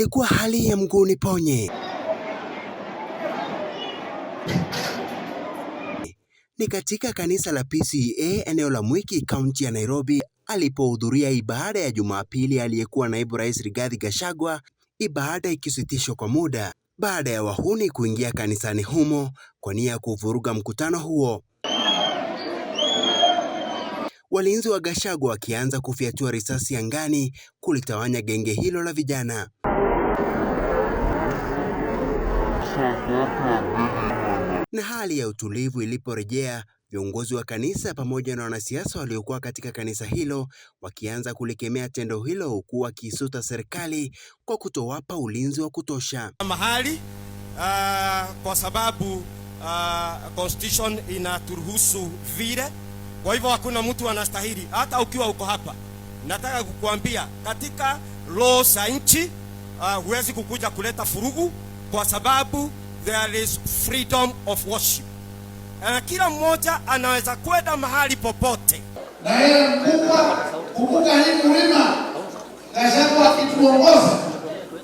ilikuwa hali ya mguuni ponye. Ni katika kanisa la PCEA eneo la Mwiki, kaunti ya Nairobi, alipohudhuria ibada ya Jumapili aliyekuwa naibu rais Rigathi Gachagua, ibada ikisitishwa kwa muda baada ya wahuni kuingia kanisani humo kwa nia ya kuvuruga mkutano huo. Walinzi wa Gachagua wakianza kufyatua risasi angani kulitawanya genge hilo la vijana. Na hali ya utulivu iliporejea, viongozi wa kanisa pamoja na wanasiasa waliokuwa katika kanisa hilo wakianza kulikemea tendo hilo, huku wakiisuta serikali kwa kutowapa ulinzi wa kutosha mahali uh, kwa sababu uh, constitution inaturuhusu vile. Kwa hivyo hakuna mtu anastahili, hata ukiwa uko hapa. Nataka kukuambia katika law za nchi ah, huwezi kukuja kuleta furugu kwa sababu there is freedom of worship, na eh, kila mmoja anaweza kwenda mahali popote. Na yeye mkubwa, kumbuka hii mlima Gachagua akituongoza,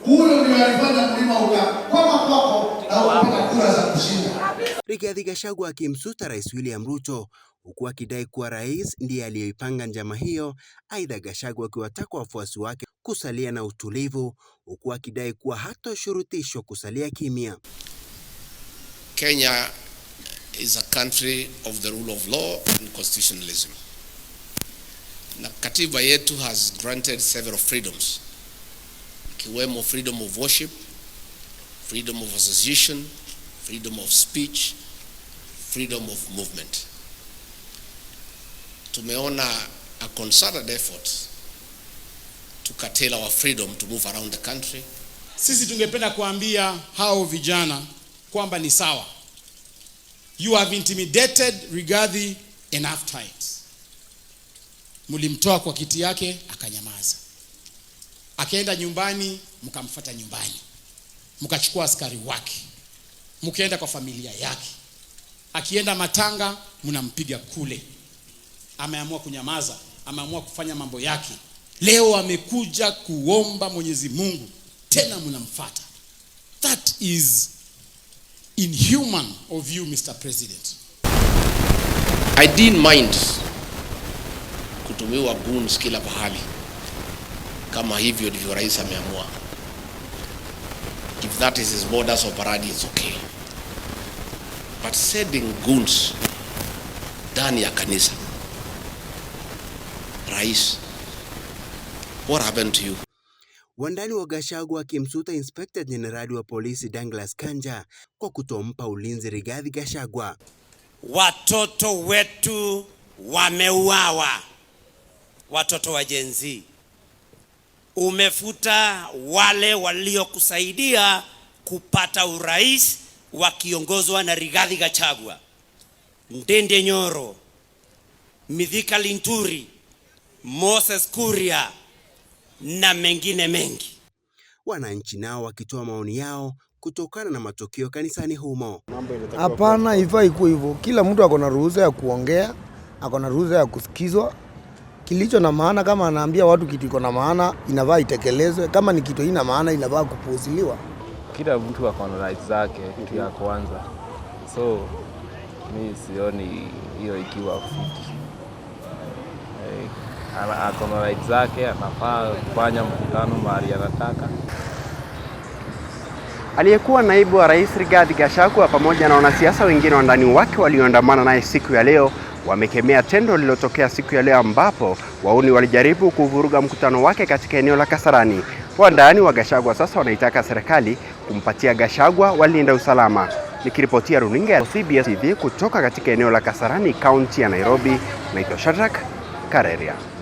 huyo ndio alifanya mlima ukakoma kwako na ukapata kura za kushinda. Rigathi Gachagua akimsuta Rais William Ruto huku akidai kuwa rais ndiye aliyoipanga njama hiyo. Aidha, Gachagua akiwataka wafuasi wake kusalia na utulivu, huku akidai kuwa hatoshurutishwa kusalia kimya. Kenya is a country of the rule of law and constitutionalism. Na katiba yetu has granted several freedoms ikiwemo freedom of worship, freedom of association, freedom of speech, freedom of movement tumeona a concerted effort to curtail our freedom to move around the country. Sisi tungependa kuambia hao vijana kwamba ni sawa, you have intimidated Rigathi enough times. Mlimtoa kwa kiti yake akanyamaza, akaenda nyumbani, mkamfuata nyumbani, mkachukua askari wake, mkaenda kwa familia yake, akienda matanga mnampiga kule ameamua kunyamaza, ameamua kufanya mambo yake. Leo amekuja kuomba Mwenyezi Mungu, tena mnamfata. That is inhuman of you Mr. President. I didn't mind kutumiwa guns kila pahali kama hivyo ndivyo rais ameamua. If that is his borders of paradi it's okay, but sending guns ndani ya kanisa rais. What happened to you? Wandani wa Gachagua akimsuta Inspekta Jenerali wa polisi Douglas Kanja kwa kutompa ulinzi Rigathi Gachagua. Watoto wetu wameuawa, watoto wa Gen Z. Umefuta wale waliokusaidia kupata urais wakiongozwa na Rigathi Gachagua, Ndende Nyoro, Mithika Linturi Moses Kuria na mengine mengi. Wananchi nao wakitoa maoni yao kutokana na matokeo kanisani humo. Hapana, haifai iko hivyo. Kila mtu ako na ruhusa ya kuongea, ako na ruhusa ya kusikizwa. Kilicho na maana, kama anaambia watu kitu iko na maana, inavaa itekelezwe. Kama ni kitu ina maana, inavaa kupuuziliwa. Kila mtu ako na rights zake, kitu ya kwanza. So mi sioni hiyo ikiwa fiti ako na right zake, anafaa kufanya mkutano mahali anataka. Aliyekuwa naibu wa rais Rigathi Gachagua pamoja na wanasiasa wengine wandani wake walioandamana naye siku ya leo wamekemea tendo lililotokea siku ya leo ambapo wauni walijaribu kuvuruga mkutano wake katika eneo la Kasarani. Wandani wa Gachagua sasa wanaitaka serikali kumpatia Gachagua walinda usalama. Nikiripotia runinga ya CBS TV kutoka katika eneo la Kasarani, kaunti ya Nairobi, naitwa Shadrack Kareria.